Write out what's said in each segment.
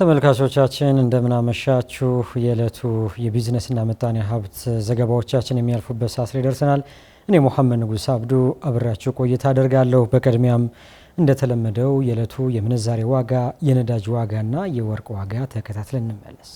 ተመልካቾቻችን እንደምናመሻችሁ የዕለቱ የቢዝነስና ምጣኔ ሀብት ዘገባዎቻችን የሚያልፉበት ሰዓት ላይ ደርሰናል። እኔ ሙሐመድ ንጉስ አብዱ አብሬያችሁ ቆይታ አደርጋለሁ። በቅድሚያም እንደተለመደው የዕለቱ የምንዛሬ ዋጋ፣ የነዳጅ ዋጋና የወርቅ ዋጋ ተከታትለን እንመለስ።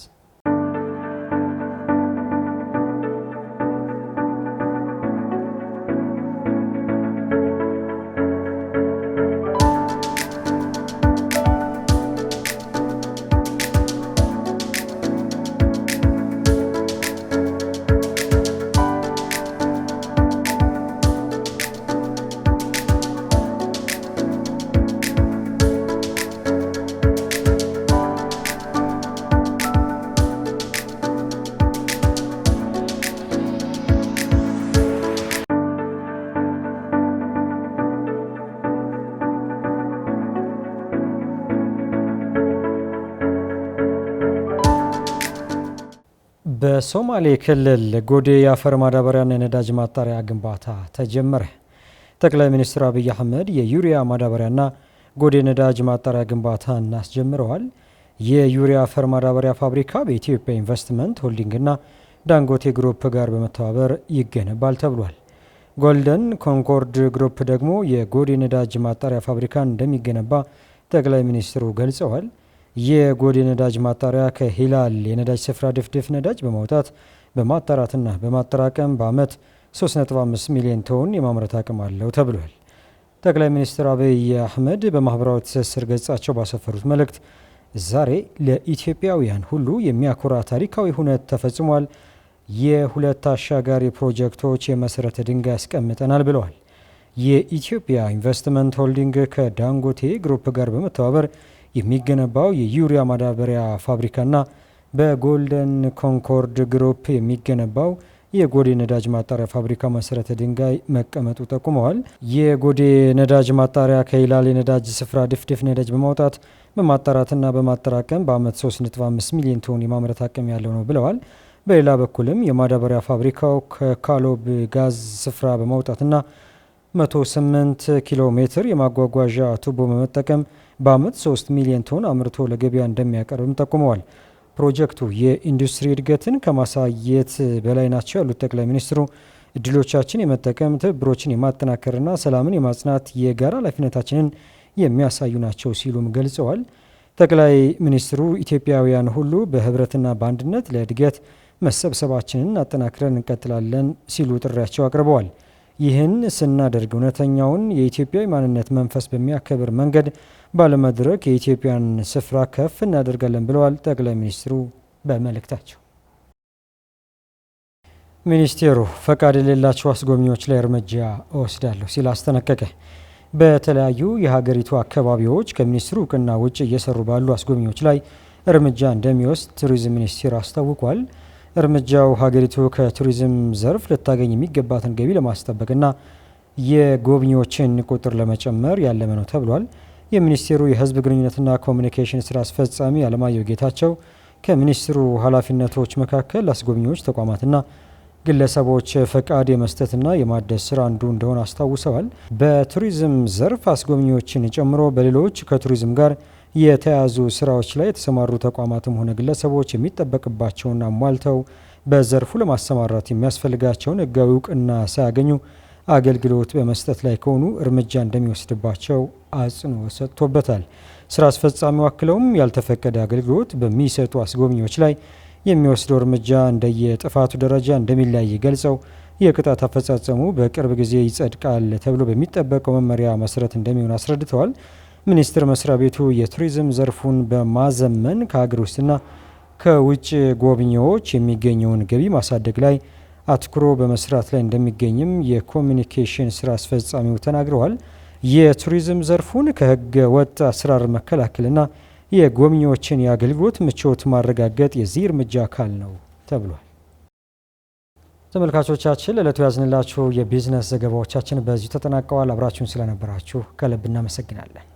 በሶማሌ ክልል ጎዴ የአፈር ማዳበሪያና የነዳጅ ማጣሪያ ግንባታ ተጀመረ። ጠቅላይ ሚኒስትር አብይ አህመድ የዩሪያ ማዳበሪያና ጎዴ ነዳጅ ማጣሪያ ግንባታን አስጀምረዋል። የዩሪያ አፈር ማዳበሪያ ፋብሪካ በኢትዮጵያ ኢንቨስትመንት ሆልዲንግና ዳንጎቴ ግሩፕ ጋር በመተባበር ይገነባል ተብሏል። ጎልደን ኮንኮርድ ግሩፕ ደግሞ የጎዴ ነዳጅ ማጣሪያ ፋብሪካን እንደሚገነባ ጠቅላይ ሚኒስትሩ ገልጸዋል። የጎዴ ነዳጅ ማጣሪያ ከሂላል የነዳጅ ስፍራ ድፍድፍ ነዳጅ በማውጣት በማጣራትና በማጠራቀም በዓመት 3.5 ሚሊዮን ቶን የማምረት አቅም አለው ተብሏል። ጠቅላይ ሚኒስትር አብይ አህመድ በማህበራዊ ትስስር ገጻቸው ባሰፈሩት መልእክት ዛሬ ለኢትዮጵያውያን ሁሉ የሚያኮራ ታሪካዊ ሁነት ተፈጽሟል፣ የሁለት አሻጋሪ ፕሮጀክቶች የመሰረተ ድንጋይ ያስቀምጠናል ብለዋል። የኢትዮጵያ ኢንቨስትመንት ሆልዲንግ ከዳንጎቴ ግሩፕ ጋር በመተባበር የሚገነባው የዩሪያ ማዳበሪያ ፋብሪካና በጎልደን ኮንኮርድ ግሩፕ የሚገነባው የጎዴ ነዳጅ ማጣሪያ ፋብሪካ መሰረተ ድንጋይ መቀመጡ ጠቁመዋል። የጎዴ ነዳጅ ማጣሪያ ከይላል የነዳጅ ስፍራ ድፍድፍ ነዳጅ በማውጣት በማጣራትና በማጠራቀም በአመት 3.5 ሚሊዮን ቶን የማምረት አቅም ያለው ነው ብለዋል። በሌላ በኩልም የማዳበሪያ ፋብሪካው ከካሎብ ጋዝ ስፍራ በማውጣትና 108 ኪሎ ሜትር የማጓጓዣ ቱቦ በመጠቀም በዓመት 3 ሚሊዮን ቶን አምርቶ ለገበያ እንደሚያቀርብም ጠቁመዋል። ፕሮጀክቱ የኢንዱስትሪ እድገትን ከማሳየት በላይ ናቸው ያሉት ጠቅላይ ሚኒስትሩ እድሎቻችን የመጠቀም ትብብሮችን የማጠናከርና ሰላምን የማጽናት የጋራ ኃላፊነታችንን የሚያሳዩ ናቸው ሲሉም ገልጸዋል። ጠቅላይ ሚኒስትሩ ኢትዮጵያውያን ሁሉ በህብረትና በአንድነት ለእድገት መሰብሰባችንን አጠናክረን እንቀጥላለን ሲሉ ጥሪያቸው አቅርበዋል። ይህን ስናደርግ እውነተኛውን የኢትዮጵያዊ ማንነት መንፈስ በሚያከብር መንገድ ባለመድረክ የኢትዮጵያን ስፍራ ከፍ እናደርጋለን ብለዋል ጠቅላይ ሚኒስትሩ በመልእክታቸው። ሚኒስቴሩ ፈቃድ የሌላቸው አስጎብኚዎች ላይ እርምጃ እወስዳለሁ ሲል አስጠነቀቀ። በተለያዩ የሀገሪቱ አካባቢዎች ከሚኒስትሩ እውቅና ውጭ እየሰሩ ባሉ አስጎብኚዎች ላይ እርምጃ እንደሚወስድ ቱሪዝም ሚኒስቴር አስታውቋል። እርምጃው ሀገሪቱ ከቱሪዝም ዘርፍ ልታገኝ የሚገባትን ገቢ ለማስጠበቅና የጎብኚዎችን ቁጥር ለመጨመር ያለመ ነው ተብሏል። የሚኒስቴሩ የህዝብ ግንኙነትና ኮሚኒኬሽን ስራ አስፈጻሚ አለማየሁ ጌታቸው ከሚኒስትሩ ኃላፊነቶች መካከል አስጎብኚዎች ተቋማትና ግለሰቦች ፈቃድ የመስጠትና የማደስ ስራ አንዱ እንደሆነ አስታውሰዋል። በቱሪዝም ዘርፍ አስጎብኚዎችን ጨምሮ በሌሎች ከቱሪዝም ጋር የተያዙ ስራዎች ላይ የተሰማሩ ተቋማትም ሆነ ግለሰቦች የሚጠበቅባቸውን አሟልተው በዘርፉ ለማሰማራት የሚያስፈልጋቸውን ህጋዊ እውቅና ሳያገኙ አገልግሎት በመስጠት ላይ ከሆኑ እርምጃ እንደሚወስድባቸው አጽንኦት ሰጥቶበታል። ስራ አስፈጻሚው አክለውም ያልተፈቀደ አገልግሎት በሚሰጡ አስጎብኚዎች ላይ የሚወስደው እርምጃ እንደየጥፋቱ ደረጃ እንደሚለያይ ገልጸው የቅጣት አፈጻጸሙ በቅርብ ጊዜ ይጸድቃል ተብሎ በሚጠበቀው መመሪያ መሰረት እንደሚሆን አስረድተዋል። ሚኒስቴር መስሪያ ቤቱ የቱሪዝም ዘርፉን በማዘመን ከሀገር ውስጥና ከውጭ ጎብኚዎች የሚገኘውን ገቢ ማሳደግ ላይ አትኩሮ በመስራት ላይ እንደሚገኝም የኮሚኒኬሽን ስራ አስፈጻሚው ተናግረዋል። የቱሪዝም ዘርፉን ከህገ ወጥ አሰራር መከላከልና የጎብኚዎችን የአገልግሎት ምቾት ማረጋገጥ የዚህ እርምጃ አካል ነው ተብሏል። ተመልካቾቻችን ለዕለቱ ያዝንላችሁ የቢዝነስ ዘገባዎቻችን በዚሁ ተጠናቀዋል። አብራችሁን ስለነበራችሁ ከልብ እናመሰግናለን።